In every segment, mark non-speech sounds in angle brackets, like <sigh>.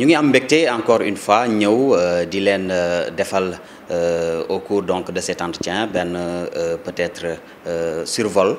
Nous avons encore une fois nous euh, di euh, euh, au cours de cet entretien peut-être survol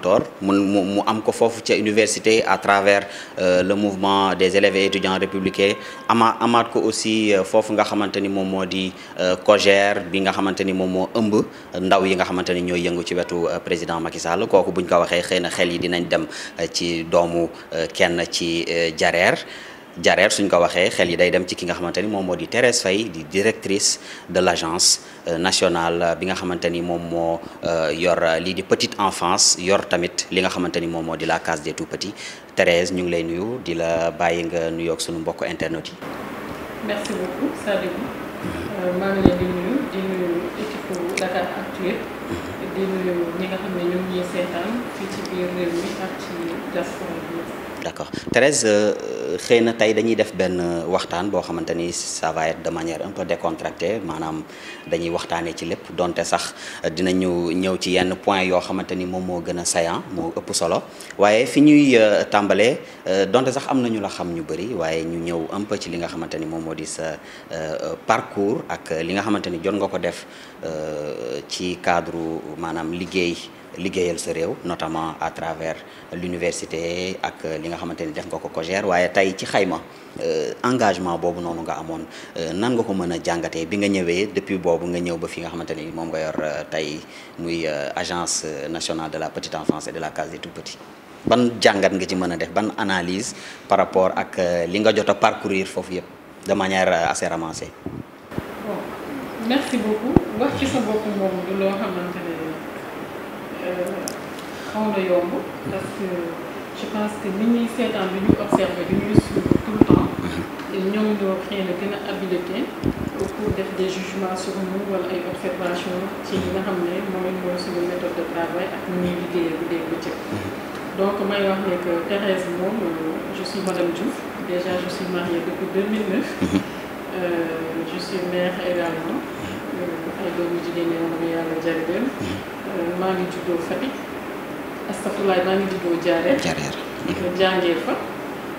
mentor mu am ko fofu ci université à travers euh, le mouvement des élèves et étudiants républicains ama amaat ko aussi euh, fofu nga xamanteni mom modi moo di euh, bi nga xamanteni mom mo moo ndaw yi nga xamanteni ñoy yëngu ci wetu président Macky Sall koku buñ ko waxé xeyna na xel yi dinañ dem ci doomu kenn ci jareer Jarer, suñ ko waxé xel yi day dem ci ki nga xamante mom modi Thérèse Faye di directrice de l'agence euh, nationale euh, bi nga xamante mom mo euh, yor li di petite enfance yor tamit li nga xamante mom modi la case des tout-petits Thérèse ñu ngi lay nuyu di la bàyyi nga nuyoog suñu mbokk internet yi. merci beaucoup Sadibou. Mm-hmm. ma ngi lay di nuyu di nuyu équipe Dakar actuel mm-hmm. di nuyu ñi nga xamné ñu ñoom ñuy seetaan ci biir réew mi ak ci diaspora d' accord Thérèse euh, xëy na tey dañuy def benn euh, waxtaan boo xamante ni ça de manière un peu décontractée maanaam dañuy waxtaanee ci lépp donte sax euh, dinañu ñëw ci yenn point yoo xamante ni moom moo gën a saillant moo ëpp solo waaye fi ñuy tàmbalee donte sax am na ñu la xam ñu bëri waaye ñu ñëw un peu ci li nga xamante ni moom moo di sa parcours ak li nga xamante ni jot nga ko def ci cadre maanaam liggéey. liggéeyal sa réew notamment à travers l'université ak li nga xamante ni def nga ko COJER waaye tey ci xayma euh, engagement boobu noonu nga amoon euh, nan nga ko mën a jàngatee bi nga ñëwee depuis boobu nga ñëw ba fi nga xamante ni moom nga yor euh, tey muy agence nationale de la petite enfance et de la case des tout-petits ban jàngat nga ci mën a def ban analyse par rapport ak li nga jot a parcourir foofu yëpp de manière assez ramassée. bon merci beaucoup wax ci sa bopp moom du loo xamante ne euh, xaw na parce que je pense que nit ñuy seetaan bi ñuy observé tout le temps mhm. ñoom ñoo xëy na gën a habilité pour def des jugements sur nous wala ay observation ci li nga xam ne mooy mooy suñu méthode de travail ak ni ñuy liggéeyee bu mhm. donc may wax ne que Thérèse moom euh, je suis madame Diouf déjà je suis mariée depuis 2009 mhm. euh, je suis mère également euh, ay doomu jigéen ñi moom yàlla jagleel maa ngi fatik Fatick astafurlaay maa ngi juddoo Diarère. Diarère jàngee fa.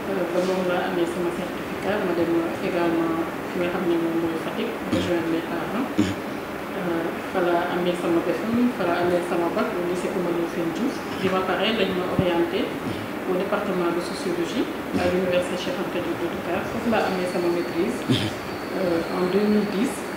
Euh, ba moom laa amee sama certificat ma dem également fi nga xamné mom moom mooy mm-hmm. rejoindre les parents. Mm-hmm. Euh, fa laa amé sama BFEM fa laa amee sama bac au lycée Coumba Ndoffène Diouf di mm-hmm. ma paré lañ ma orienté. au département de sociologie à l'université Cheikh Anta Diop de Dakar foofu laa amee sama maîtrise euh, en 2010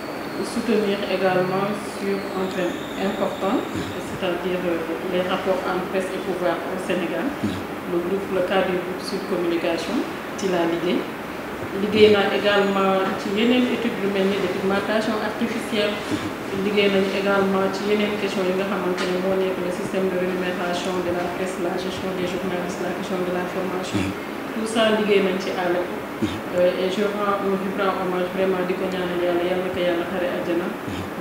soutenir également sur un thème important, c'est-à-dire euh, les rapports entre presse et pouvoir au Sénégal. Mm-hmm. Le groupe, le cadre du groupe sur communication, Tila laa également ci étude études de de pigmentation artificielle mm-hmm. liggéey également ci question de nga le système de rémunération de la presse la gestion des journalistes la question de l'information tout ça ligué nañ ci àll et je rends un vibrant hommage vraiment di ko ñaanal yàlla yal na ko yàlla xare àjjana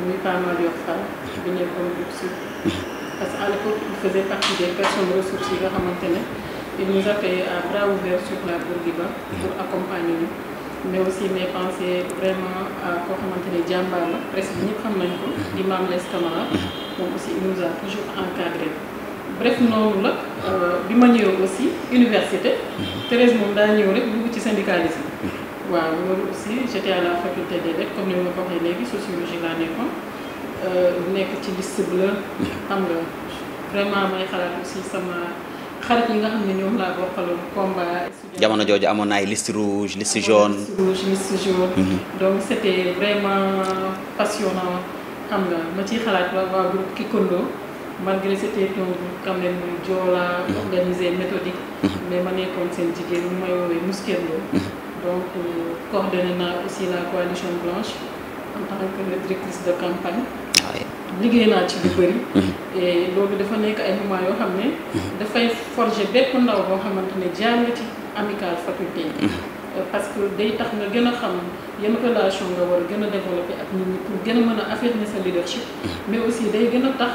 muy Pape Malick Fall bi nekk comme groupe parce que à l'époque il faisait partie des personnes ressources yi nga xamante ne il nous a fait à bras ouverts sur la Bourguiba pour accompagner ñu mais aussi mes pensées vraiment à koo xamante ne jàmbaar la presque ñëpp xam nañ ko di maam les camarades donc aussi il nous a toujours encadré bref noonu la euh, bi aussi université mhm. Thérèse moom daa ñëw rek dugg ci syndicalisme mhm. waaw loolu aussi j'étais à la faculté des lettres comme ni ma ko waxee léegi sociologie laa nekkoon euh, nekk ci liste bleue mhm. xam vraiment may xalaat aussi sama xarit yi nga xam ne ñoom laa bokkaloon combat. jamono jooju amoon na liste rouge liste jaune liste rouge liste jaune. donc c' était vraiment passionnant xam nga ma ciy xalaat waa waa groupe Kikondo malgré cette donc quand même joola mm-hmm. organisé méthodique mm-hmm. mais manière nekkoon seen jigéen nous may woowee mm-hmm. donc euh, coordonnée naa aussi la coalition blanche en tant que directrice de campagne ah, ligue na ci lu bari et lolu dafa nek ay moment yo xamné ne fay forger bép ndaw boo xamante ne jaar ci amicale faculté euh, parce que day tax nga gëna xam yan relation nga war gëna développer ak nit ñi pour gën a affirmer sa leadership mais aussi day gëna tax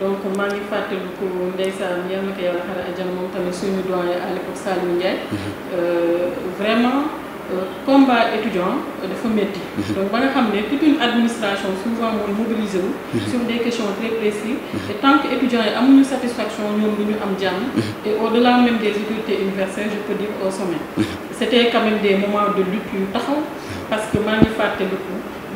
donc maa ngi fàttaliku ndeysaan yal na ko yàlla xare ajam moom tamit suñu doyen à l'époque Saliou Ndiaye mhm. euh, vraiment euh, combat étudiant euh, dafa métti mhm. donc ba nga xam toute une administration souvent mooy mobilisé mhm. sur des questions très précises et tant que étudiants yi amuñu satisfaction ñoom du ñu am et au delà même des difficultés universitaires je peux dire au sommet c'était quand même des moments de lutte yu taxaw parce que maa ngi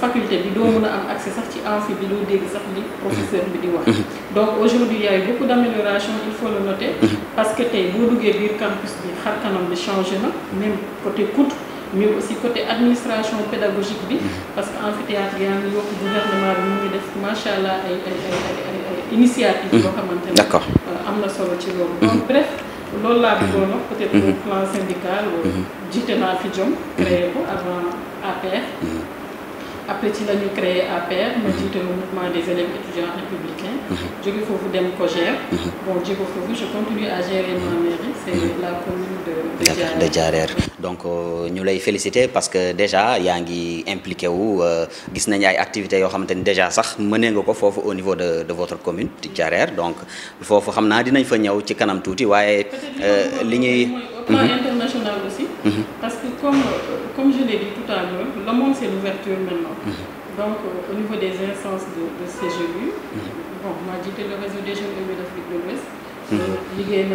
faculté bi doo mën a am accès sax ci amphi bi doo dégg sax li professeur bi di wax donc aujourd'hui il y a eu beaucoup d'amélioration il faut le noter parce que tey boo duggee biir campus bi xar kanam bi changé na même côté coût mais aussi côté administration pédagogique bi parce que amphithéâtre yaa ngi yokk gouvernement bi mu ngi def macha allah ay ay ay ay initiative mhm. yoo xamante ne euh, am na solo ci loolu donc mhm. bref loolu laa bëggoon wax peut-être au mhm. plan syndical jiite naa fi jom créé ko avant APR après cela, nous ñu créé APR ma mouvement des élèves étudiants républicains mhm. jóge foofu dem ko gère mhm. bon jóge foofu je continue à gérer ma mhm. mairie c'est la commune de de Diarère donc euh, ñu lay féliciter parce que déjà yaa ngi impliqué wu euh, gis nañu ay activités yoo xamante déjà sax mënee nga ko au niveau de de votre commune de Diarère donc foofu xam naa dinañ fa ñëw ci kanam tuuti waaye euh, au plan international aussi parce que comme comme je l'ai dit tout à l'heure, le monde c'est l'ouverture maintenant. Mhm. Donc euh, au niveau des instances de, de CGU, mhm. bon dit que le réseau des jeunes de d'Afrique de l'Ouest. il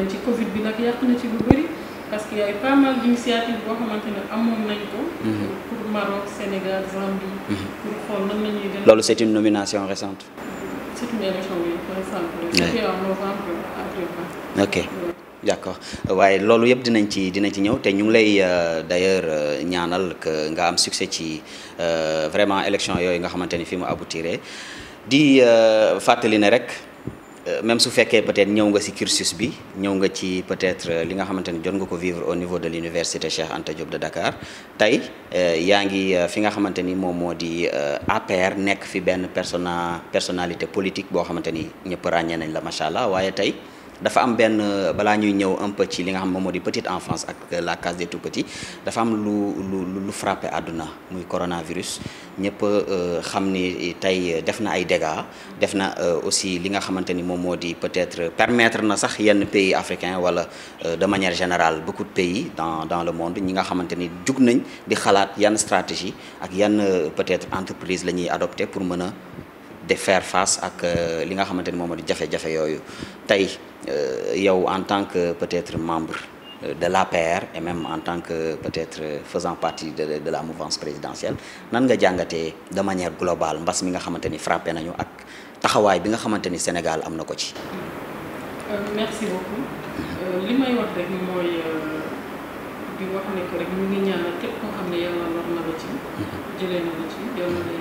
un petit Covid bi y a na ci petit parce qu'il y a pas mal d'initiatives pour maintenir un moment pour Maroc Sénégal Zambie. Mhm. pour c'est une nomination récente. c'est une élection récente. C'était en novembre à deux. ok. d'accord waye waaye yeb dinañ ci dinañ ci ñew te ñu ngi lay d'ailleurs ñaanal que nga am succès ci vraiment élection yoy nga xamanteni fi mu aboutiré di fatali né rek même su féké peut-être ñew nga ci cursus bi ñew nga ci peut-être li nga xamanteni jot nga ko vivre au niveau de l'université Cheikh Anta Diop de Dakar tay yangi fi nga xamanteni ni modi di APR nek fi ben persona personnalité politique bo xamanteni ni rañé nañ la machallah waye tay dafa am ben bala ñuy ñëw un peu ci li nga xam mom di petite enfance ak euh, la case des tout petits dafa am lu lu lu frappé aduna muy coronavirus ñepp euh, xam ni tay def na ay dégâts def na euh, aussi li nga xamanteni mom modi di peut-être permettre na sax yenn pays africains wala de manière générale beaucoup de pays dans dans le monde ñi nga xamanteni jug nañ di xalaat yan stratégie ak yenn peut-être entreprise lañuy adopter pour mëna de faire face ak li nga xamanteni ni moom jafé jafe-jafe yooyu euh, yow en tant que peut-être membre euh, de l'APR et même en tant que peut-être faisant partie de de la mouvance présidentielle nan nga jangaté de manière globale mbass mi nga xamanteni frappé nañu ak taxaway bi nga xamanteni Sénégal amna ko ci. Euh, merci beaucoup limay wax rek moy di wax ni ko rek ñu ngi ñaanal képp ko xamné yalla war na la ci mm-hmm. jëlé na la ci yalla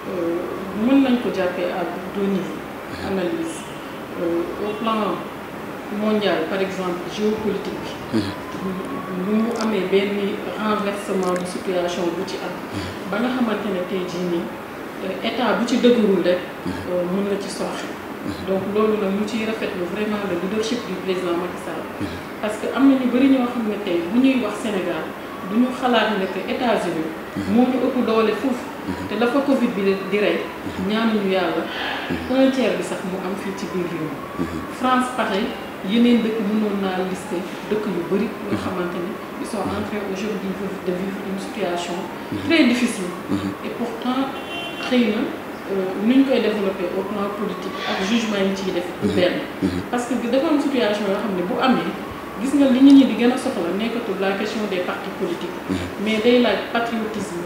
Euh, mën nañ ko jàppee à deux niveaux mhm. analyse euh, au plan mondial par exemple géopolitique bi mhm. lu mu amee benn renversement de situation bu ci am mhm. ba nga xamante ne tey jii nii euh, état bu ci dëgërul rek mën na ci sooxe donc loolu nag ñu ciy rafetlu vraiment le leadership du président Macky Sall parce que am na ñu bëri ñoo xam ne tey bu ñuy wax Sénégal du ñu xalaat ne que États-Unis moo ñu ëpp doole foofu Mhm. te la Covid bi di rey mhm. ñaanuñu yàlla un mhm. tiers bi sax mu am fii ci biir réew France pareil yeneen dëkk mënoon naa listé, dëkk yu bëri nga xamante ils sont en train aujourd'hui de vivre une situation très difficile et pourtant rien, nous nu ñu koy développé au plan politique ak jugement yi ciy def parce que dafa am situation yoo xam ne bu amee gis nga li nit ñi di gën a soxla la question des partis politiques mais day laaj patriotisme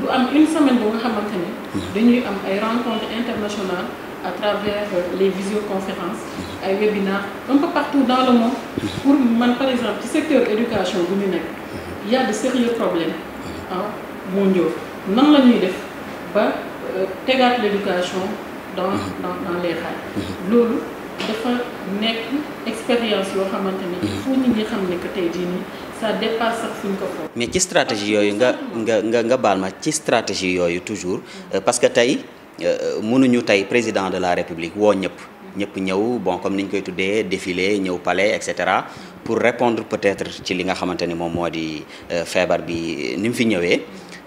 du am une semaine bu nga dañuy rencontres internationales à travers euh, les visioconférences mm-hmm. ay webinaires un peu partout dans le monde mm-hmm. pour man par exemple le secteur de l'éducation, il mm-hmm. y a de sérieux problèmes ah, mondiaux nan avons def ba euh, l'éducation dans dans dans les rails Nous dafa expérience yo xamante fu faut que ñi ça dépasse sax fu ko foog mais ci stratégie yooyu nga nga nga nga baal ma ci stratégie yooyu toujours euh, parce que tey euh, mënuñu tay président de la république wo ñep ñep ñew bon comme niñ koy tuddé défilé ñew palais etc pour répondre peut-être ci li nga xamante mom modi moo di euh, feebar bi ni mu fi ñëwee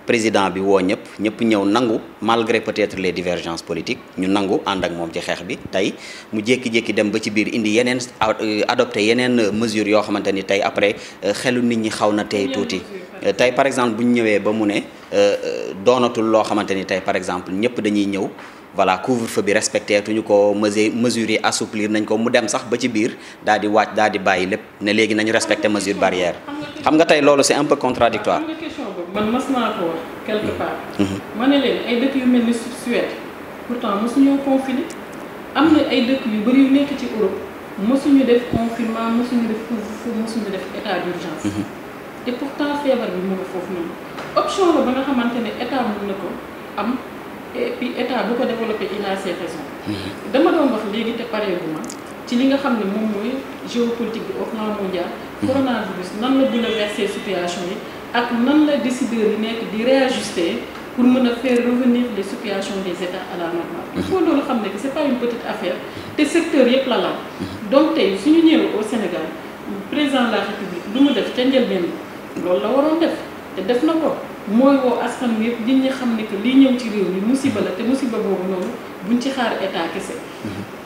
président bi woo ñëpp ñëpp ñëw nangu malgré peut-être les divergences politiques ñu nangu ànd ak moom ci xeex bi tey mu jékki-jékki dem ba ci biir indi yeneen adopté yeneen mesure yoo xamante ni tey après euh, xelu nit ñi xaw na tey tuuti euh, tey par exemple bu ñu ñëwee ba mu ne euh, doonatul loo xamante ni tey par exemple ñëpp dañuy ñëw voilà couvre-feu bi respecté tuñu ko mesure yi assouplir nañ ko mu dem sax ba ci biir daal di wàcc daal di bàyyi lépp ne léegi nañu respecté mesure barrière xam nga tay loolu c'est un peu contradictoire xam question boobu man mas naa ko wax quelque mm-hmm. part. Mm-hmm. ma ne leen ay dëkk yu mel ni Suède pourtant mosuñoo confiné am na ay dëkk yu bëri yu nekk ci Europe mosuñu def confinement mosuñu def couvre-feu mosuñu def état d'urgence. Mm-hmm. et pourtant feebar bi mu nga foofu noonu option la ba nga xamante ne état mën na ko am et puis état bu ko développé il a ses raisons. dama doon wax léegi te pareegu ma ci li nga xam ne moom mooy géopolitique bi au plan mondial. Mhm. coronavirus nan la bouleverser situation yi ak nan la décideur yi nekk di réajuster pour mën a faire revenir les situations des états à la normale. il faut mhm. loolu xam ne que c' est pas une petite affaire te secteur yëpp la la mhm. donc tey suñu ñëwee au Sénégal président de la république lu mu def ca njëlbeen loolu la waroon def te def na ko mooy woo askan wi yëpp nit ñi xam ne que li ñëw ci réew mi musiba la te musiba boobu noonu. bu buñ ci xaar état kese.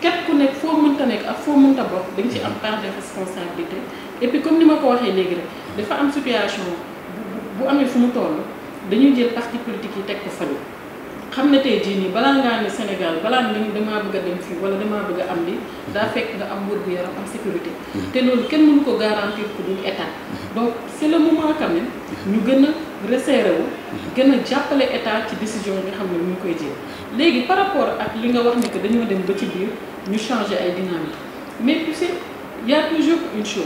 képp ku nekk foo mënta nekk ak foo mënta bokk dañ ci am part de responsabilité et puis comme ni ma ko waxee léegi rek dafa am situation bu amee fu mu toll dañuy jël parti politique yi teg ko fan xam ne tey jii nii balaa ngaa ne Sénégal balaa nga ni damaa bëgg a dem fii wala damaa bëgg a am li daa fekk nga am wër bu yaram am sécurité. Mm-hmm. te loolu kenn mënu ko garantir ku dul état. Mm-hmm. donc c' est le moment quand mm-hmm. ñu gën a resserré wu. gën a jàppale état ci décision bi nga xam ne mu ngi koy par rapport à ce que nous avons ba nous biir ñu changer dynamique mais il y a toujours une chose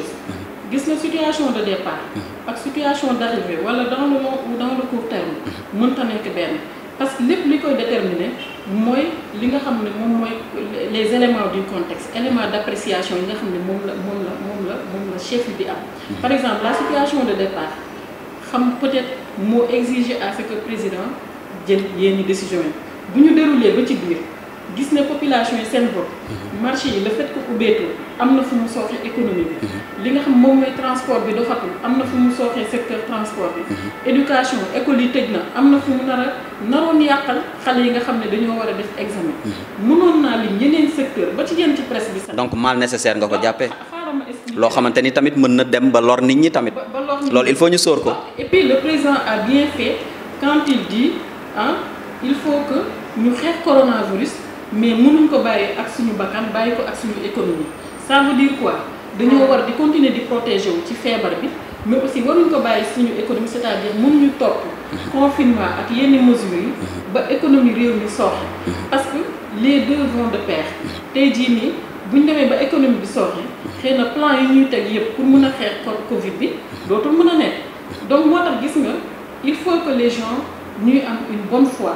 la mm-hmm. na situation de départ la mm-hmm. situation d'arrivée wala dans le long ou dans le court terme mm-hmm. mënta nekk bien. parce que tout publics sont déterminer déterminé, li les éléments du contexte les éléments d'appréciation que nga xam chef bi par exemple la situation de départ peut-être moo exiger à ce que le président jël une décision bu ñu déroulé ba ci biir gis ne population yi seen bopp. Mhm. marché yi le fait que ubbeetu am na fu mu sooxee économie bi. Mhm. li nga xam moom mooy transport bi doxatul am na fu mu sooxee secteur transport bi. Mhm. éducation école yi tëj na am na fu mu nar a naroon yàqal xale yi nga xam ne dañoo war a def examen. mënoon naa li yeneen secteur ba ci yenn ci presse bi sax. donc mal nécessaire nga ko ah, jàppee. Ah, loo xamante ni tamit mën na dem ba lor nit ñi tamit. loolu il faut ñu sóor ko. Ah, et puis le président a bien fait quand il dit ah il faut que ñu coronavirus mais mënuñ ko bàyyi ak suñu bakkan bàyyi ko ak suñu économie ça veut dire quoi nous hmm. war di continuer di protéger wu ci feebar bi mais aussi waruñ ko bàyyi suñu économie c'est-à-dire mënuñu top hmm. confinement ak yenn mesures yi hmm. ba économie réew mi parce que les deux vont de pair tey dit nii bu ñu demee ba économie bi sooxe xëy plan yi ñuy teg yëpp pour mon affaire xeex Covid bi dootul mon a donc moo tax gis nga il faut que les gens ñuy am une bonne foi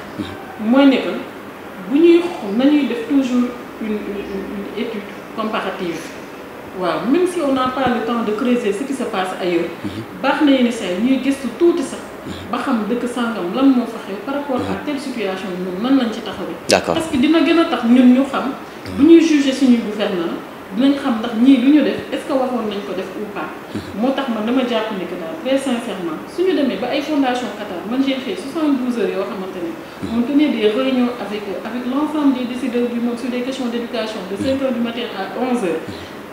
mooy ne que bu nañuy def toujours une étude comparative waaw même si on n'a pas le temps de creuser ce qui se passe ailleurs. Mhm. baax na yenn saa ñuy gëstu tuuti sax. Mhm. ba xam dëkk sangam lan moo fa par rapport à mhm. telle situation ñun nan lañ ci taxawee. d'accord parce que dina gën a tax ñun ñu xam. bu ñuy juger suñu gouverneur dinañ xam ndax ñii lu ñu def est-ce que waroon nañ ko def ou pas moo tax man dama jàpp ni que daal très sincèrement suñu demee ba ay fondation Qatar man j'ai fait 72 heures yoo xamante ne on tenait des réunions avec euh, avec l'ensemble des décideurs du monde sur des questions d'éducation de 5 heures du matin à 11 heures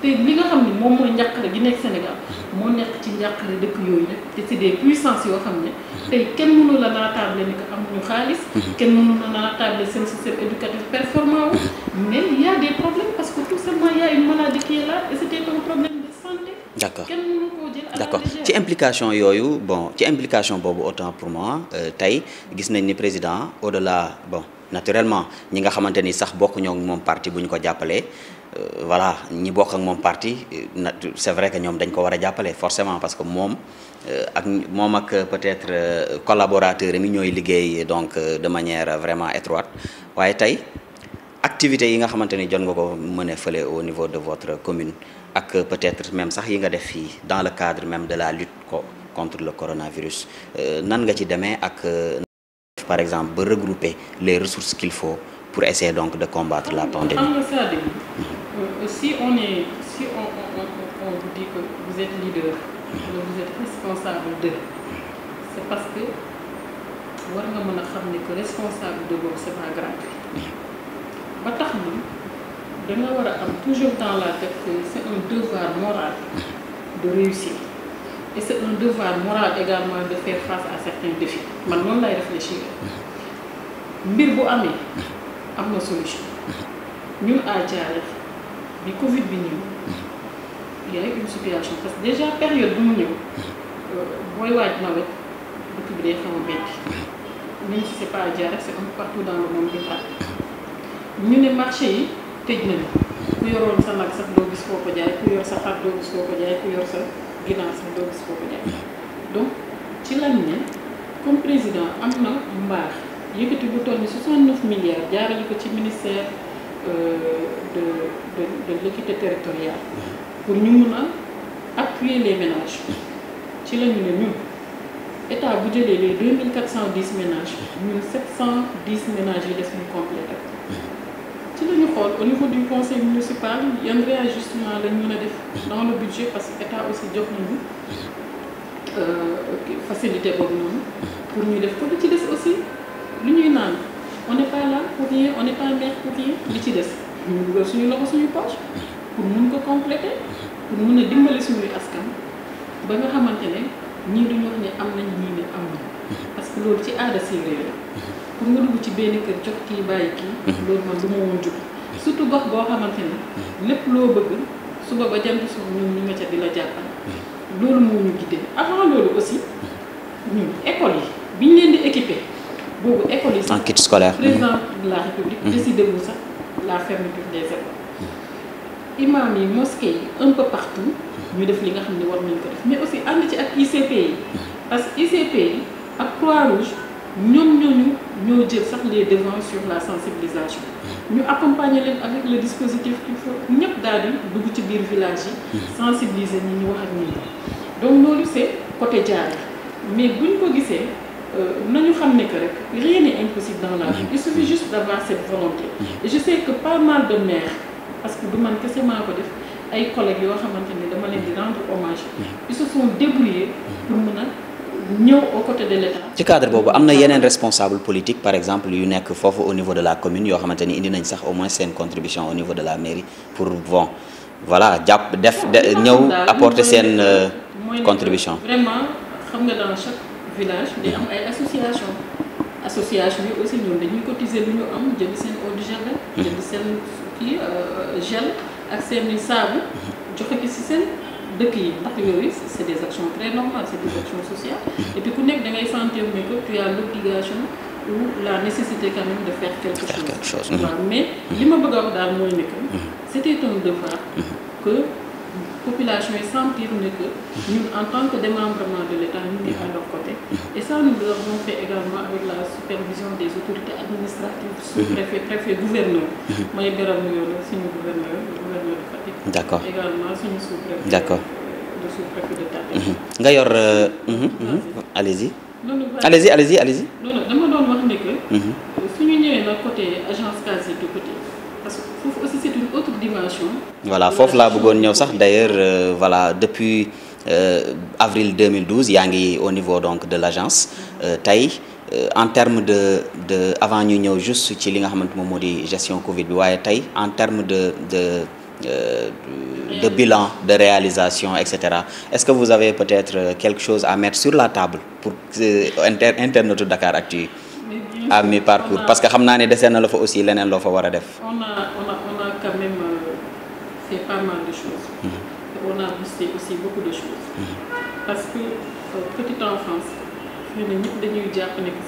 te li nga xam ne moom mooy njàqare gi nekk Sénégal moo nekk ci njàqare dëkk yooyu nag te c'est des puissances yoo xam ne tey kenn mënu la naataable ni que amuñu xaalis. Mhm. kenn mënu la table seen système éducatif performant mhm. mais il y a des problèmes parce que tout simplement il y a une maladie qui est là et c'était un problème de santé. d'accord kenn mënu ko jël d'accord ci implication yooyu bon ci implication bobu autant pour moi euh, tay gis nañ ni président au-delà bon naturellement ñi nga xamanteni sax bokk ñok mom parti buñ ko jàppalee euh, voilà ñi bokk ak mom parti euh, c'est vrai que ñom dañ ko wara jappalé forcément parce que mom, euh, ak mom ak peut-être collaborateur mi ñoy liggéey donc de manière vraiment étroite waye tay activités yi nga xamanteni ni jot nga ko mën feulé au niveau de votre commune ak peut-être même sax yi nga def fi dans le cadre même de la lutte contre le coronavirus nan nga ci démé ak par exemple regrouper les ressources qu'il faut pour essayer donc de combattre la pandémie. Euh, euh, si on est si on, vous dit que vous êtes leader, que mm-hmm. vous êtes responsable de, c'est parce que vous nga que responsable de vous c'est pas grave. Mm-hmm. ba tax na toujours dans la tête que c'est un devoir moral mm-hmm. de réussir et c'est un devoir moral également de faire face à certains défis man non lay réfléchir mbir bu amee am solution ñun à Thiaroye bi Covid bi il y a une situation parce que déjà période bu mu ñëw euh, booy waaj nawet dëkk bi day xaw a même si c'est pas à Thiaroye c'est un peu partout dans le monde bi Nous ñu ne marché yi tëj nañu ku yoroon sa nag sax doo gis foo ko jaay ku yor sa xar doo gis foo ko jaay ku yor sa dans ce donc ci comme président il y a 69 milliards de dollars ci ministère euh, de de l'équité territoriale pour nous, appuyer les ménages ci nous ñu état 2410 ménages 1710 710 ménages yi def ñu si la au niveau du conseil municipal yan réajustement lañ mën a def dans le budget parce que état aussi jox euh, facilité pour nous pour ñu def ko li ci aussi l'union ñuy on n'est pas là pour rien on n'est pas maire pour rien li ci des ñu dugal suñu loxo suñu poche pour nous ko compléter pour nous a dimbali suñuy askan ba nga xamante ne ñii duñu wax ni am nañ ñii ne am parce que l'autre ci aada si réew pour nga dugg ci benn kër jot kii bàyyi kii. Mhm. loolu man du ma surtout gox boo xamante ne. Mhm. lépp loo bëgg suba ba jant suuf ñun ñu nga ca di la jàppal. Mhm. loolu moo ñu guidé avant loolu aussi ñun école yi bi ñu di équipé boobu école yi. en kit scolaire président de la république. décide wu ça la fermeture des écoles. imam yi mosquée un peu partout ñu def li nga xam ne war nañ ko def mais aussi ànd ci ak ICP parce que ICP yi ak Croix-Rouge ñoom ñooñu nous jël les devants sur la sensibilisation nous mm-hmm. accompagner avec le dispositif qu'il faut ñëpp daal di ci village mm-hmm. sensibiliser ñi ñu wax ak ñi donc nous c'est côté jaar mais buñ ko gisee euh, nañu nous ne que rek rien n'est impossible dans la vie mm-hmm. il suffit juste d'avoir cette volonté et je sais que pas mal de maires parce que du man kese maa ko def ay collègues yoo xamante dama di rendre hommage ils se sont débrouillés pour nous ñëw aux côtés de l'État ci cadre boobu am na yeneen responsable politique par exemple yu nekk foofu au niveau de la commune yoo xamante ni indi nañ sax au moins seen contribution au niveau de la mairie pour bon voilà jàpp def ñëw apporter seen euh, contribution vraiment xam nga dans chaque village day am ay association association yi aussi ñoom dañuy cotiser lu ñu am jënd seen eau de javel mhm. jënd seen kii euh, gel ak seen i saabu mhm. joxe ci seen depuis yi ndax yooyu c' des actions très normales c'est des actions sociales et puis quand nekk da ngay sentir ne tu as l'obligation ou la nécessité quand même de faire quelque chose. Mhm. mais il ma bëgg wax daal que mhm. c' un devoir mhm. que population sans pire ne en tant que démembrement de l'État nous sommes à leur côté mm-hmm. et ça nous l'avons fait également avec la supervision des autorités administratives mm-hmm. sous-préfet préfet gouverneur mm-hmm. moi je nuyoo la le gouverneur gouverneur de Fatick d'accord également sous-préfet d'accord de euh, sous-préfet de D'accord, euh, allez-y allez-y allez-y allez-y non dama wax que côté agence quasi du côté parce que autre dimension. voilà Fof la bëggoon ñëw d'ailleurs euh, voilà depuis euh, avril 2012 a ngi au niveau donc de l'agence euh, tey. en termes de de avant nous ñëw juste ci li nga de la gestion Covid bi en termes de de bilan de réalisation etc. est-ce que vous avez peut-être quelque chose à mettre sur la table pour inter de Dakar Actu à mi-parcours parce que nous avons la fa aussi c'est pas mal de choses. Mhm. on a boosté aussi beaucoup de choses. Mhm. Parce que euh, petite enfance nous ne dit dañuy que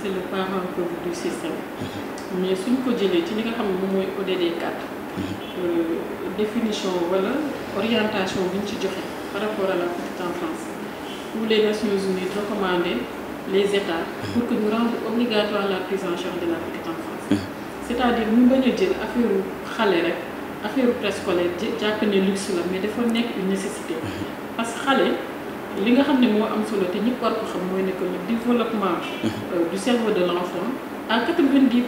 c'est le parent du système mhm. mais suñ ko jëlee ci li nga xam ne ODD 4 euh, définition wala orientation ci par rapport à la petite enfance où les Nations Unies recommandent les États pour que nous rendions obligatoire la prise en charge de la petite enfance c'est-à-dire nous bañ dire jël affaire xale rek affaire préscolaire jàpp ne luxe la mais dafa nekk une nécessité parce que xale li nga xamné ne am solo té ñëpp war ko xam mooy ne le développement mhm. euh, du cerveau de l'enfant. à 90% vingt dix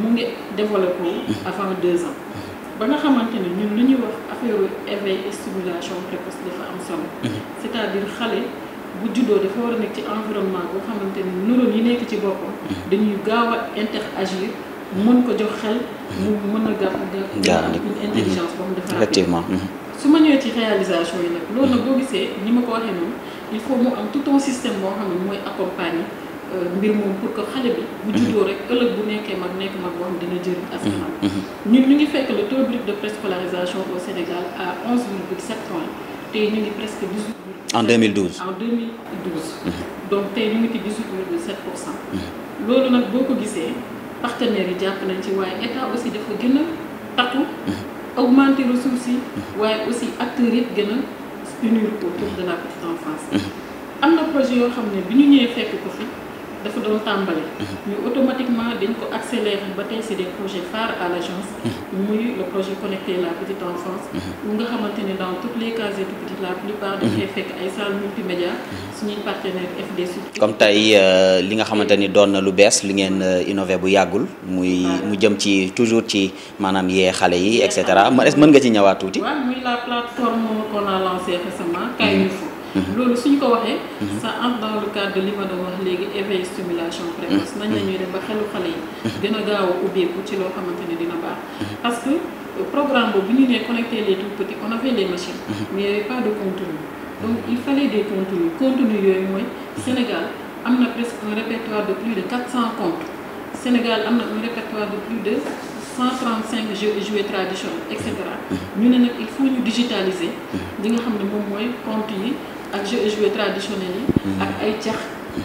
mu ngi développé mhm. avant deux ans mhm. ba nga xamante ñun lu wax affaire éveil et stimulation précoce dafa am solo c'est à dire xalé bu juddoo dafa war a nekk ci environnement boo xamante ne neurones yi nekk ci boppam dañuy gaaw a interagir mën ko jox xel. mu mën a gàpp une intelligence boo xam dafa effectivement mhm. su ma ñëwee ci réalisation yi nag. loolu nag boo gisee ni ma ko waxee noonu il faut mu am tout un système boo xam ne mooy accompagner euh, mbir moom pour que xale bi. bu mhm. juddoo rek ëllëg bu nekkee mag nekk mag boo xam dina jëriñ askan mhm. ñun ñu ngi fekk le taux brut de préscolarisation au Sénégal à 11,7 point tey ñu ngi presque 18. en 2012 en 2012. donc tey ñu ngi ci 18,7 pour cent. loolu nag boo ko gisee. partenaires yi jàpp nañ ci waaye état aussi dafa gën a takku mhm. augmenter ressources yi mhm. waaye aussi acteurs yëpp gën a unir autour danaa la petite enfance mhm. am na projet yoo xam ne bi ñu ñëwee fekk ko fi dafa doon tàmbali. ñu automatiquement dañ ko accélérer ba tey si des projets phares à l' agence. muy le projet connecté la petite enfance. mu nga xamante ne dans toutes les cases de petite la plupart dafay fekk ay salles multimédia. suñuy partenaire FDC. comme tey euh, li nga xamante ni doon na lu bees li ngeen euh, innover bu yàggul muy mu jëm ci toujours ci maanaam yee xale yi et cetera mën nga ci ñëwaat tuuti. waaw muy la plateforme on a lancée récemment Kayoufu. Mhm. lolu suñ ko waxé mhm. ça entre dans le cadre de l'iva do wax légui éveil stimulation précoce. nañ la ñuy ba xelu xalé yi. Mhm. gën a gaaw a ubbeeku ci loo xamante dina baax. parce que euh, programme boobu bu ñu né connecter les tout petits on avait les machines. mais il n'y avait pas de contenu donc il fallait des contenus contenu yoy moy Sénégal amna presque un répertoire de plus de 400 contes Sénégal amna un répertoire de plus de. 135 jeux et jouets traditionnels etc nous ñu il faut ñu digitaliser li nga xam ne moom compte yi ak jeux et jouets traditionnels mhm. ay tiax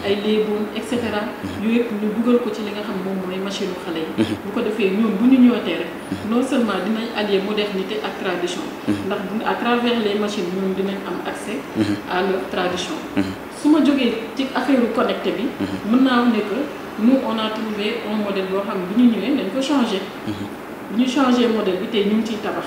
ay léeboon et cetera mhm. yooyu yëpp ñu dugal ko ci li nga xam ne moy machine u xale yi mhm. bu ko défé ñoom bu ñu ñoté rek non seulement dinañ allier modernité ak tradition ndax à travers les machines ñoom dinañ am accès à leur tradition suma joggé jógee ci affaire connecté bi mën naa wax que nous on a trouvé un modèle boo xam bu ñu ñëwee dañ ko changer ñu changer modèle bi tey ñu ci tabax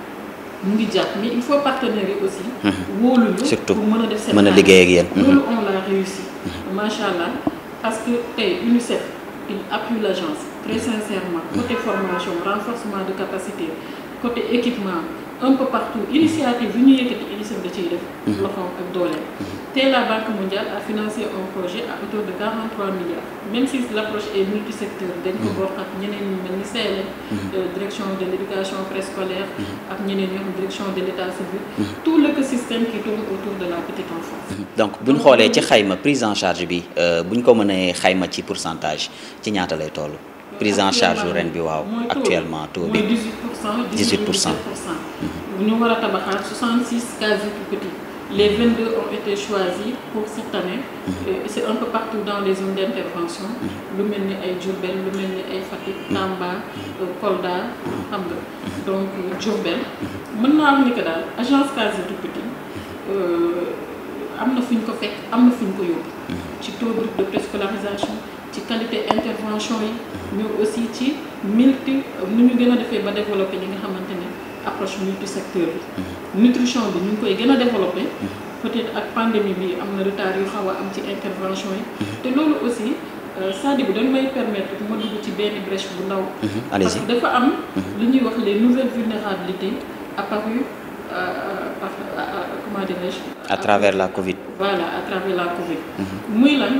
mais il faut partenariat aussi. Nous mhm. ñu mhm. on l'a réussi. Mhm. Masha'Allah, parce que l'UNICEF UNICEF il appuie l'agence très sincèrement. côté formation renforcement de capacité côté équipement un peu partout initiative de ñu qui da ciy def de mhm. ak mhm. la banque mondiale a financé un projet à hauteur de 43 milliards même si l'approche est multisecteur dañ mhm. bokk ak ñeneen euh, direction de l'éducation préscolaire ak direction de l'état civil tout l'écosystème qui tourne autour de la petite enfance donc si xoolee ci xayma prise en charge bi euh, buñ ko xayma pourcentage ci lay prise en charge au bi waaw actuellement 18% bi 18 18%. 18%. ñu war 66 casiers tout petit les 22 ont été choisis pour cette année. Mhm. C'est un peu partout dans les zones d'intervention. Le mhm. lu est ni le Diourbel est Fatik, mhm. Tamba euh, Kolda xam donc jobel Maintenant, l'agence casier ni que daal agence cases tout petit euh, am na fait ñu ko fekk am fait ko tout ci taux de préscolarisation ci qualité intervention yi mais aussi ci multi nu ñu gën a defee ba développer ñi nga xamante ne approche multi secteur bi mhm. nutrition bi ñu ngi koy gën a mhm. peut-être ak pandémie bi am na retard yu xaw a am ci intervention yi mhm. te loolu aussi euh, sadi bi dañ may permettre ma dugg ci benn brèche bu ndaw parce que dafa am lu ñuy wax les nouvelles vulnérabilités apparues euh, euh, euh, comment dirais-je à travers la Covid voilà à travers la Covid muy lan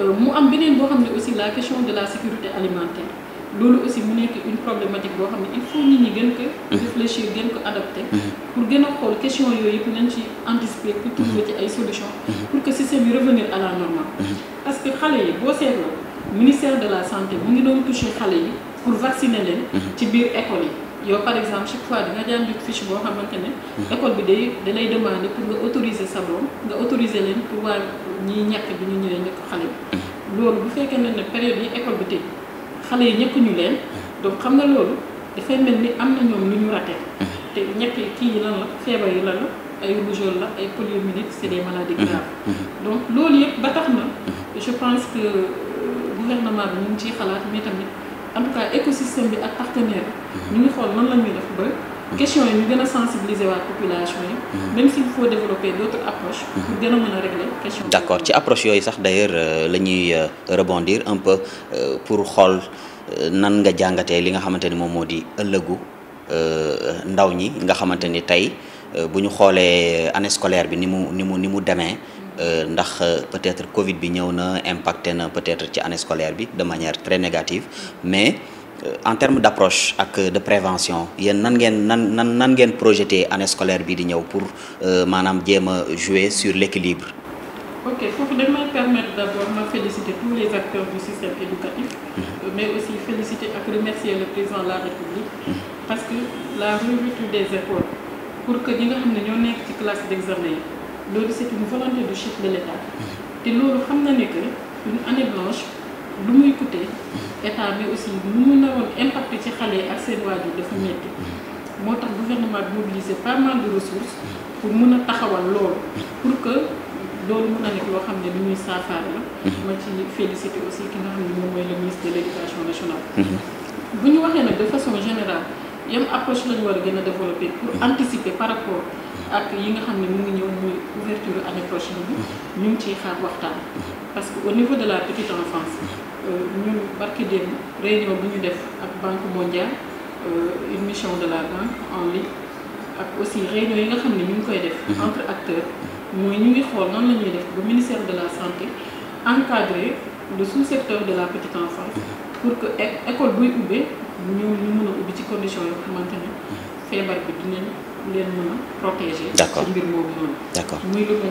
Euh, mu am beneen boo aussi la question de la sécurité alimentaire loolu aussi mu une problématique boo xam il faut nit ñi gën ko mhm. réfléchir gën ko adopter mhm. pour gën a xool question yooyu yëpp nañ anticiper pour trouver mhm. ci ay solution pour que système yi revenir à la normale parce que xale yi boo seetloo ministère de la santé mu ngi doon toucher yi pour vacciner leen ci biir école yi par exemple chaque fois di nga jàng fiche boo xamante ne école bi day lay demander pour autoriser sa bon, nga autoriser leen pour voir ñiy ñàkk bi ñu ñëwé ñàkk xalé loolu bu fekkee né ne période yi école bi té xalé yi ñëkk ñu leen mm-hmm. donc xam nga loolu da fay melni amna ñom ñoom ñu raté té ñepp ki yi lan la feebar yi lan la ay rougeole la ay poliomyélite c'est des maladies mm-hmm. graves mm-hmm. donc loolu yëpp ba tax na je pense que euh, gouvernement bi ñu ci ciy xalaat mais tamit en tout cas écosystème bi ak partenaire ñu ngi xool nan la ñuy def ba question yi ñu gën sensibiliser la population yi. Mhm. même s'il faut développer d'autres approches. Mhm. pour gën a mën a régler question. d'accord ci approches yooyu sax d'ailleurs euh, la ñuy euh, rebondir un peu euh, pour xool nan nga jàngatee li nga xamante mom modi moo di ndaw ñi nga xamante tay buñu xolé année scolaire bi ni mu ni mu ni mu demee. Mhm. ndax peut-être Covid bi ñëw na impacté na peut-être ci année scolaire bi de manière très négative mais. Euh, en termes d'approche et de prévention il nan a nan nan projeté scolaire pour euh, jouer sur l'équilibre ok il faut me permettre d'abord de féliciter tous les acteurs du système éducatif. Mhm. mais aussi féliciter et remercier le président de la République. Mhm. parce que la réouverture des écoles pour que nous ayons une petite classe d'examen. c'est une volonté du chef de l'État. Et nous avons que une année blanche lu muy coûter état mais aussi lu mu naroon impacté ci xale ak seen waajur dafa métti moo tax gouvernement bi mobilisé pas mal de ressources pour mun a taxawal loolu pour que loolu mun a nekk loo xam ne lu ñuy saafara la. ma ci félicité aussi ki nga xam ne moom mooy le ministre de l' éducation nationale. bu ñu waxee nag de façon générale yan approche la ñu war a gën a développé pour anticiper par rapport ak yi nga xam ne mu ngi ouverture prochaine nous mhm. ñu ngi xaar mhm. parce qu'au niveau de la petite enfance mhm. euh, nous barki démb réunion bu ñu def ak banque mondiale euh, une mission de la banque en ligne ak aussi réunion yi nga ñu entre acteurs Nous ñu ngi xool noonu la def ministère de la santé encadrer le sous-secteur de la petite enfance pour que école buy ubbee ñoom ñu mën a ubbi ci condition yoo xamante leen d' accord ci mbir moomu d' accord muy mhm. mhm.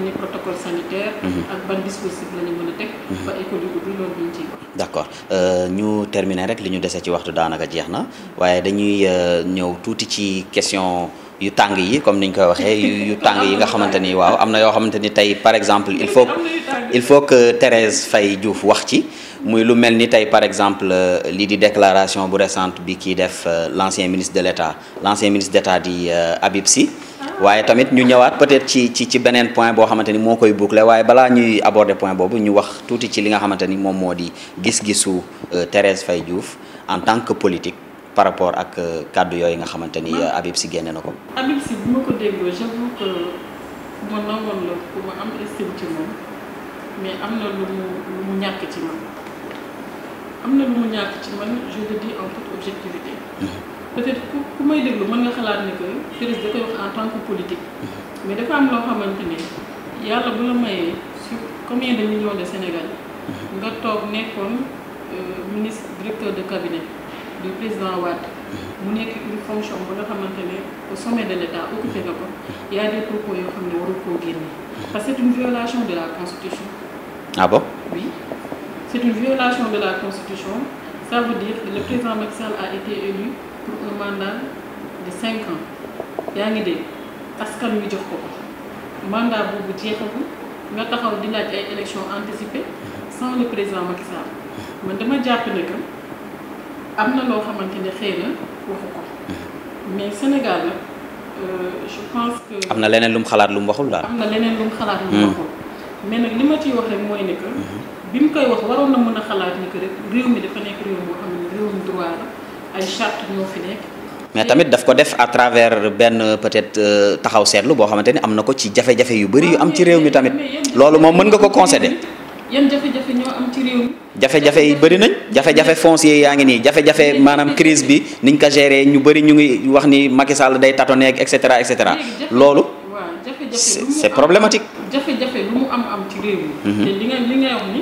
euh, ñu mën rek li ñu desee ci waxtu daanaka jeex na waaye dañuy euh, ñëw tuuti ci question. yu tàng yi comme ni niñ koy waxee yu tàng yi nga xamante ni waaw am na yoo xamante ni tey par exemple il faut il faut que Thérèse fay Diouf wax ci muy lu melni tay par exemple euh, li di déclaration bu récente bi ki def euh, l'ancien ministre de l'état l'ancien ministre d'état di euh, Habib Sy waye tamit ñu ñëwaat peut-être ci ci ci beneen point bo xamanteni mo koy boucler waye bala ñuy aborder point bobu ñu wax touti ci li nga xamanteni mom modi gis-gisu Thérèse Faye Diouf en tant que politique par rapport ak kàddu yoy nga xamanteni Habib Sy génne nako Habib Sy bu mako déggo déggoo j'avoue que ma nangoon la ku ma am estime ci mom mais amna lu mu lu mu ci mom amna na lu ci man je le dis en toute objectivité. Mhm. peut-être ku ku may déglu mën nga xalaat ni que Thérèse da koy wax en tant que politique. Mhm. mais dafa am loo xamante ne yàlla bu la mayee sur combien de millions de Sénégalais. Mhm. nga toog nekkoon euh, ministre directeur de cabinet du président Wade. mu nekk une fonction bu nga xamante ne au sommet de l'État occupé nga ko y a des propos yoo xam ne waru koo génne parce que c'est une violation de la constitution. ah bon oui. C'est une violation de la Constitution. Ça veut dire que le président Macky Sall a été élu pour un mandat de 5 ans. yaa ngi Parce que wi jox ko ko mandat boobu jeexagul nga taxaw di laaj ay élections anticipées sans le président Macky Sall man dama jàpp ne que am na loo xamante ne mais Sénégal euh, je pense que. am na leneen lu mu xalaat lu mu waxul daal. am na leneen lu mu xalaat lu hmm. waxul mais nag li ma ciy wax rek mooy ne que. Hmm bi koy wax waroon na mën a xalaat ni que rek réew mi dafa nekk réew moo xam ne réewum droit la ay charte ñoo fi nekk. mais tamit daf ko def à travers benn peut-être euh, taxaw seetlu boo xamante ni am na ko ci jafe-jafe yu bëri yu am ci réew mi tamit loolu moom mën nga ko concéder. yan jafe-jafe ñoo am ci réew mi. jafe-jafe yi bëri nañ jafe-jafe foncier yaa ngi nii jafe-jafe maanaam crise bi niñ ko gérer ñu bëri ñu ngi wax ni Macky Sall day tâtonner ak et cetera et cetera loolu. c'est problématique. jafe-jafe lu mu am am ci réew mi. Mhm. li nga li nga wax ni.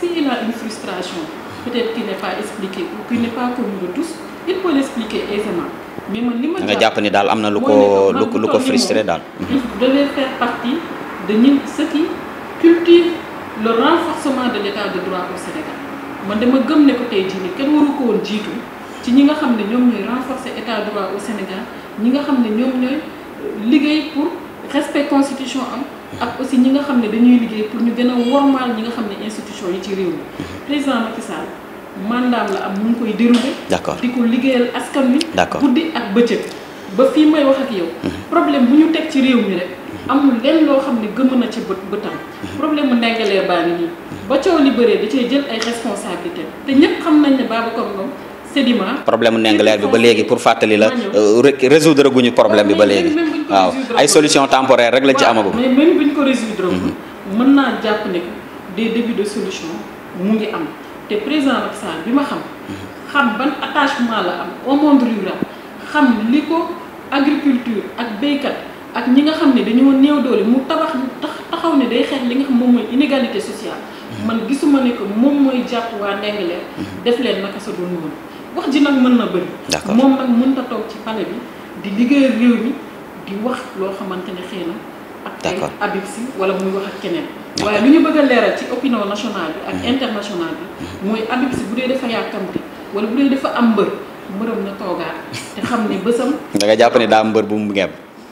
s'il a une frustration, peut-être qu'il n'est pas expliqué ou qu'il n'est pas connu de tous, il peut l'expliquer aisément. Mais moi, ce que je pense, c'est qu'il faut le frustrer. Il devait faire partie de ceux qui cultivent le renforcement de l'état de droit au Sénégal. man dama gëm ne ko tey jii nii kenn waru ko woon jiitu ci ñi nga xamné ñom ñoy renforcer état droit au Sénégal ñi nga xamné ñom ñoy liguey pour respect constitution ak aussi ñi nga xam ne dañuy liggéey pour ñu gën a wormaal ñi nga xam ne institution yi ci réew mi président Macky Sall mandaam la am ñu ngi koy déroulé. d'accord di ko liggéeyal askan wi. d'accord guddi ak bëccëg ba fii may wax ak yow. Mhm. problème bu ñu teg ci réew mi rek. amul lenn loo xam ne gëm na ci bët bëtam. Mhm. problème mu ndengalee baa ngi nii. Mhm. ba coow li bëree da cay jël ay responsabilités te ñëpp xam nañ ne Babacar Ngom sédiment. problème Ndingler bi ba léegi pour fàttali la euh, résoudre ñu problème bi ba léegi. waaw ay solution temporaire rek lañ ci amagum. mais même buñ ko résoudre mhm. mën naa jàpp ne des débuts de solution mu ngi am te président bi ma xam. Mhm. xam ban attachement la am au rural xam li ko agriculture ak béykat ak ñi nga xam ne dañoo néew doole mu tabax taxaw ne day xeex li nga xam moom mooy inégalité sociale. Mhm. man gisuma ne que moom mooy jàpp waa Ndingler def leen naka sa doon wax ji nag mën na bëri. d'accord moom nag mën ta toog ci palais bi di liggéey réew mi di wax loo xamante ne xëy na. d'accord ak ay Habib Sy wala muy wax ak keneen. waaye lu ñu bëgg a leeral ci opinion nationale bi ak mhm. internationale bi. Mhm. mooy Habib Sy bu dee dafa yàkkamti wala bu dee dafa am mbër mbëram na toogaat te xam ne bësam. <laughs> da nga jàpp ne daa mbër bu mu ngeem.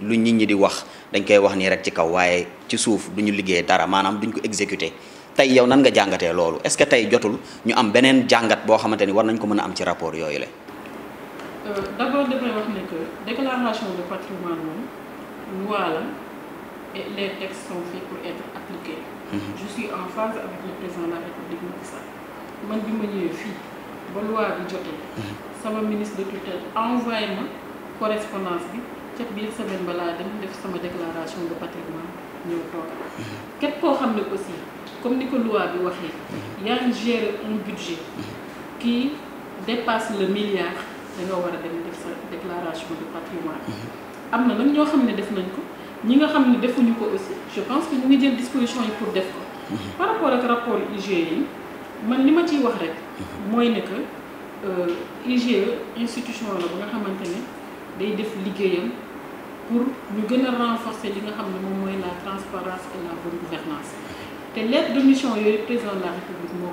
lu nit ñi di wax dañ koy wax nii rek ci kaw waaye ci suuf duñu liggéey dara maanaam duñ ko exécuter tey yow nan nga jàngatee loolu est ce que tey jotul ñu am beneen jàngat boo xamante ni war nañ ko mën a am ci rapport yooyu la euh, d' abord damay wax ne que déclaration de patrimoine moom loi la et les textes sont faits pour être appliqués mm -hmm. je suis en phase avec le président de la république Macky Sall man bi ma ñëwee ba loi bi jotee mhm. sama ministre de tutelle envoyé ma correspondance bi ca biir semaine balaa dem def sama déclaration de patrimoine ñëw toog képp koo xam ne aussi comme ni ko loi bi waxee yaa ngi gérer un budget qui dépasse le milliard da nga war a dem def sa déclaration de patrimoine am na nag ñoo xam ne def nañ ko ñi nga xam ne defuñu ko aussi je pense que ñu ngi jël disposition yi pour def ko par rapport ak rapport IGE yi man li ma ciy wax rek mooy ne que euh, IGE institution la ba nga xamante ne day def liggéeyam pour nous renforcer la transparence et la bonne gouvernance C'est l'aide de mission est président de la république Donc,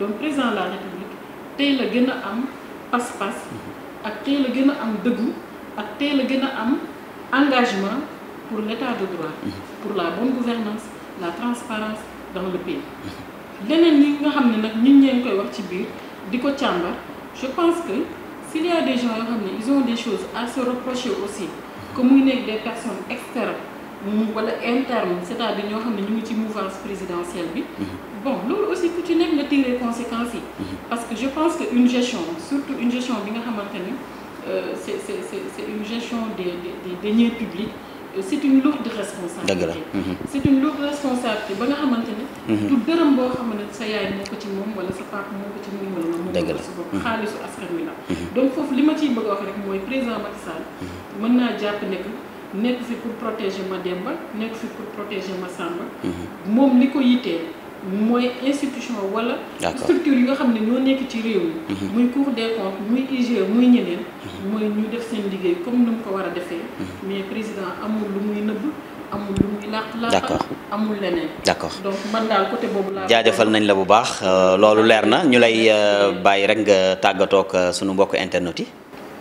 le donc président de la république il la a am pas passe ak tey la debout a am engagement pour l'état de droit pour la bonne gouvernance la transparence dans le pays Ce nga je pense que s'il y a des gens qui ont des choses à se reprocher aussi comme une des personnes externes wala internes c'est-à-dire nous avons une ñu ngi ci mouvance présidentielle bi mhm. bon nous aussi ku ci nekk nga tirer conséquences mhm. parce que je pense que une gestion surtout une gestion bi nga euh, c'est c'est c'est une gestion des des deniers publics euh, c'est une lourde responsabilité mhm. c'est une lourde responsabilité ba nga maintenir. Tout du dërëm boo xam ne sa yaay moo ko ci voilà, wala sa papa moo ko ci moom wala moom moo ko ci bopp xaalisu askan wi donc foofu li ma ciy wax rek mooy président Macky mën naa jàpp ne que nekk pour protéger ma Demba nekk fi pour protéger ma Samba. Mhm. moom li ko yittee mooy institution wala. structure yi nga xam ne ñoo nekk ci réew mi. Mhm. muy cour des comptes muy IG muy ñeneen. moy mhm. ñu def seen liguey comme ni ko wara défé mais président amul lu muy neub amul lu muy làq la amul leneen. d'accord donc man dal côté bobu la jaajëfal nañ la bu baax euh, lolu lérna na ñu lay euh, bàyyi rek nga tàggatoo ak euh, sunu mbokk internet yi.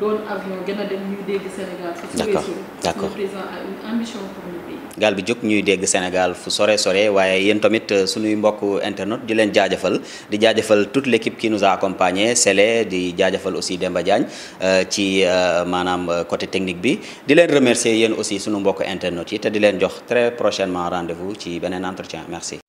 doon avion gën a dem ñuy dégg Sénégal fu sore sore. jóg ñuy dégg Sénégal fu sore sore waaye yéen tamit euh, sunuy mbokk internet di leen jaajëfal di jaajëfal toute l' équipe qui nous a accompagné di jaajëfal aussi Demba Diagne euh, ci euh, maanaam côté technique bi di leen remercier yéen aussi suñu mbokk internet yi te di leen jox très prochainement rendez ci beneen entretien merci.